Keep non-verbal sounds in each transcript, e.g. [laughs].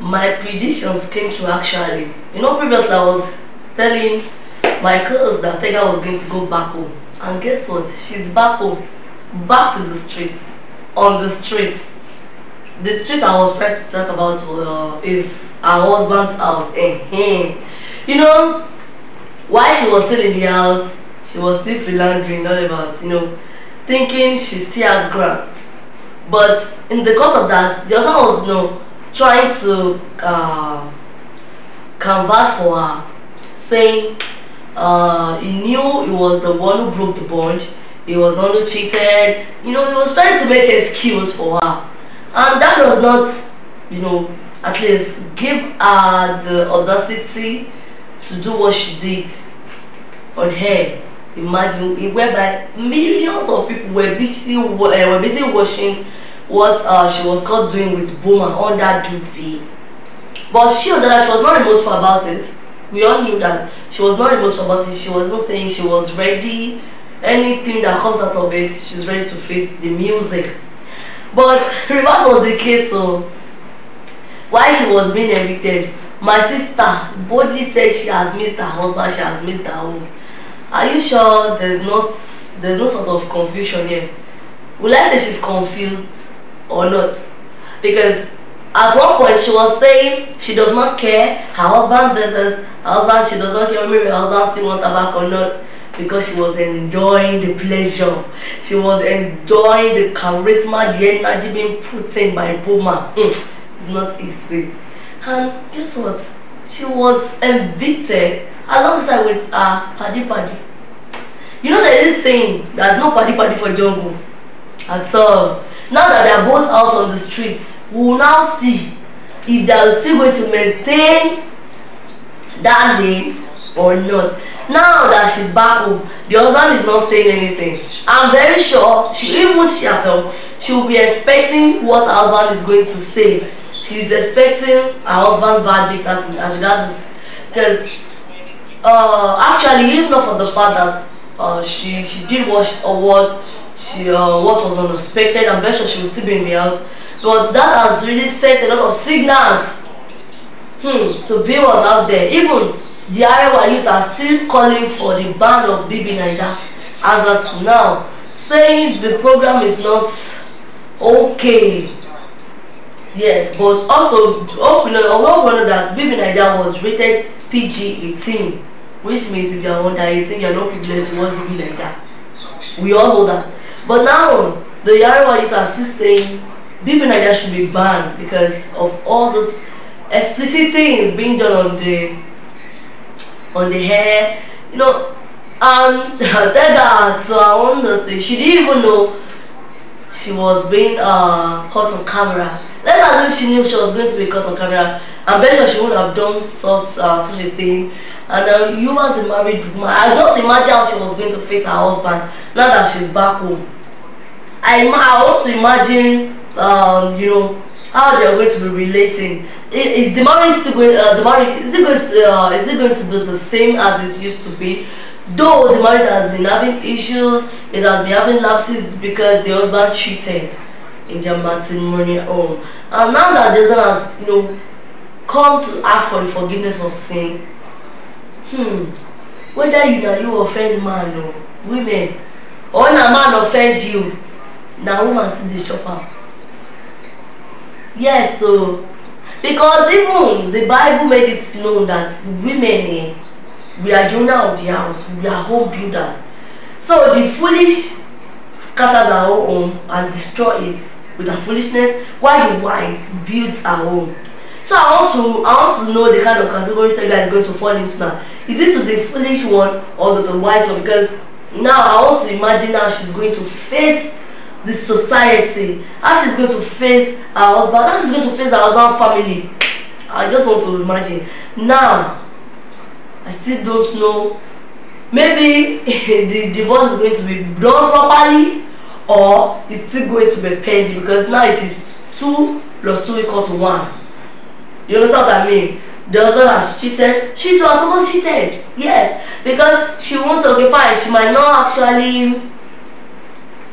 my predictions came to actually. You know, previously I was telling my girls that Tega was going to go back home. And guess what? She's back home. Back to the street, On the street. The street I was trying to talk about uh, is our husband's house. you know, while she was still in the house, she was still philandering, all about, you know, thinking she still has grants. But in the course of that, the husband was, you know, trying to uh, canvas for her, saying uh, he knew he was the one who broke the bond, he was the one who cheated, you know, he was trying to make excuse for her. And that does not, you know, at least give her the audacity to do what she did on her. Imagine, whereby millions of people were busy, eh, were busy watching what uh, she was caught doing with Boomer on that duvet. But she knew that she was not remorseful about it. We all knew that she was not remorseful about it. She was not saying she was ready. Anything that comes out of it, she's ready to face the music. But [laughs] reverse was the case, so while she was being evicted, my sister boldly said she has missed her husband, she has missed her home. Are you sure there's not there's no sort of confusion here? Will I say she's confused? or not. Because at one point she was saying she does not care, her husband did this, her husband, she does not care maybe her husband still want her back or not because she was enjoying the pleasure. She was enjoying the charisma, the energy being put in by Boma. Mm, it's not easy. And guess what? She was evicted alongside with her paddy paddy. You know there is saying that no paddy paddy for jungle at all. Now that they are both out on the streets, we will now see if they are still going to maintain that lane or not. Now that she's back home, the husband is not saying anything. I'm very sure she even she herself, she will be expecting what her husband is going to say. She is expecting her husband's verdict as, as she does Because uh, actually, if not for the fact that uh, she, she did what, she, or what she uh, what was unexpected. and very she will still be in the house. But that has really sent a lot of signals hmm, to viewers out there. Even the Iowa youth are still calling for the ban of BB Naija as of now, saying the program is not okay. Yes, but also, oh, you know, we know that BB Naija was rated PG 18, which means if you are under 18, you are not privileged to watch BB Naija. We all know that. But now, the Yarawa is are still saying Bibi should be banned because of all those explicit things being done on the on the hair, you know. And [laughs] that girl, so I wonder, she didn't even know she was being uh, caught on camera. let alone she knew she was going to be caught on camera. I'm very sure she wouldn't have done such uh, such a thing. And uh, you as a married woman, I just imagine how she was going to face her husband now that she's back home. I, I want to imagine, um, you know, how they are going to be relating. Is, is the marriage still going? Uh, the marriage is it going? To, uh, is it going to be the same as it used to be? Though the marriage has been having issues, it has been having lapses because the husband cheated in their matrimonial home. And now that the husband has, you know, come to ask for the forgiveness of sin, hmm, whether you are you offend man or women, Or na man offend you na woman still dey chop am yes o because even the bible made it known that women eh we are the owner of the house we are home builders so the foolish scatters her own home and destroy it with her foolishness while the wise builds her home so i want to i want to know the kind of category that guy is going to fall into now is it to the foolish one or to the wise one because now i want to imagine how she's going to face the society how she's going to face her husband how she's going to face her husband family i just want to imagine now i still don't know maybe [laughs] the divorce is going to be done properly or it's still going to be pending because now it is two plus two equal to one you understand what i mean the husband has cheated. She was also cheated. Yes, because she wants to be fine. She might not actually.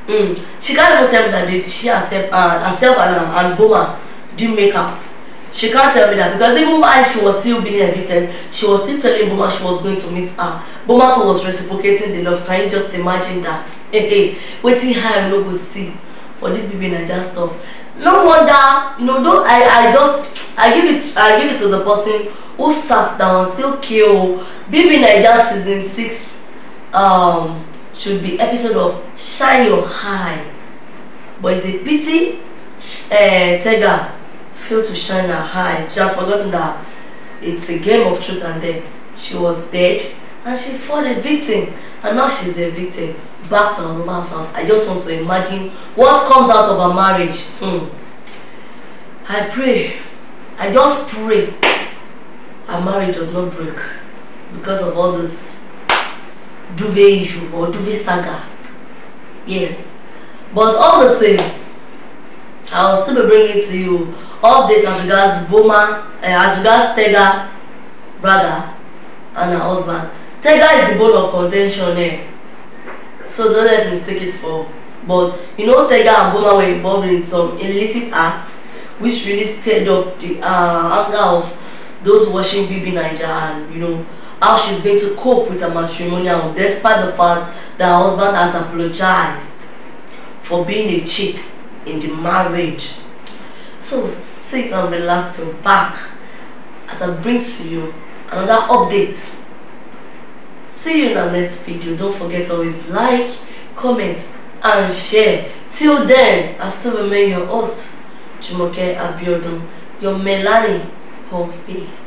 Mm, she can't even tell me that they, she herself, uh, herself and, uh, and Boma didn't make up. She can't tell me that because even while she was still being evicted, she was still telling Boma she was going to miss her. Boma was reciprocating the love. Can you just imagine that? [laughs] Hey, hey, waiting her and no go see for this baby Naija stuff. No wonder, you know, don't I, I just I give it I give it to the person who sat down still. Kill. BB Naija season six um, should be episode of shine your High. but it's a pity uh, Tega failed to shine her eye just forgotten that it's a game of truth and death she was dead and she fought a victim and now she's a victim back to her husband's house i just want to imagine what comes out of her marriage hmm. i pray I just pray our marriage does not break because of all this duvet issue or duvet saga. Yes. But all the same, I'll still be bringing to you update as regards Boma, uh, as regards Tega, brother, and her husband. Tega is the bone of contention, eh? So don't let's mistake it for. But you know, Tega and Boma were involved in some illicit acts which really stirred up the uh, anger of those watching Bibi Niger and you know how she's going to cope with her matrimonial despite the fact that her husband has apologized for being a cheat in the marriage. So sit and relax your back as I bring to you another update. See you in the next video. Don't forget always like, comment and share. Till then, I still remain your host. Jumoke Abiodun, por Pogbi.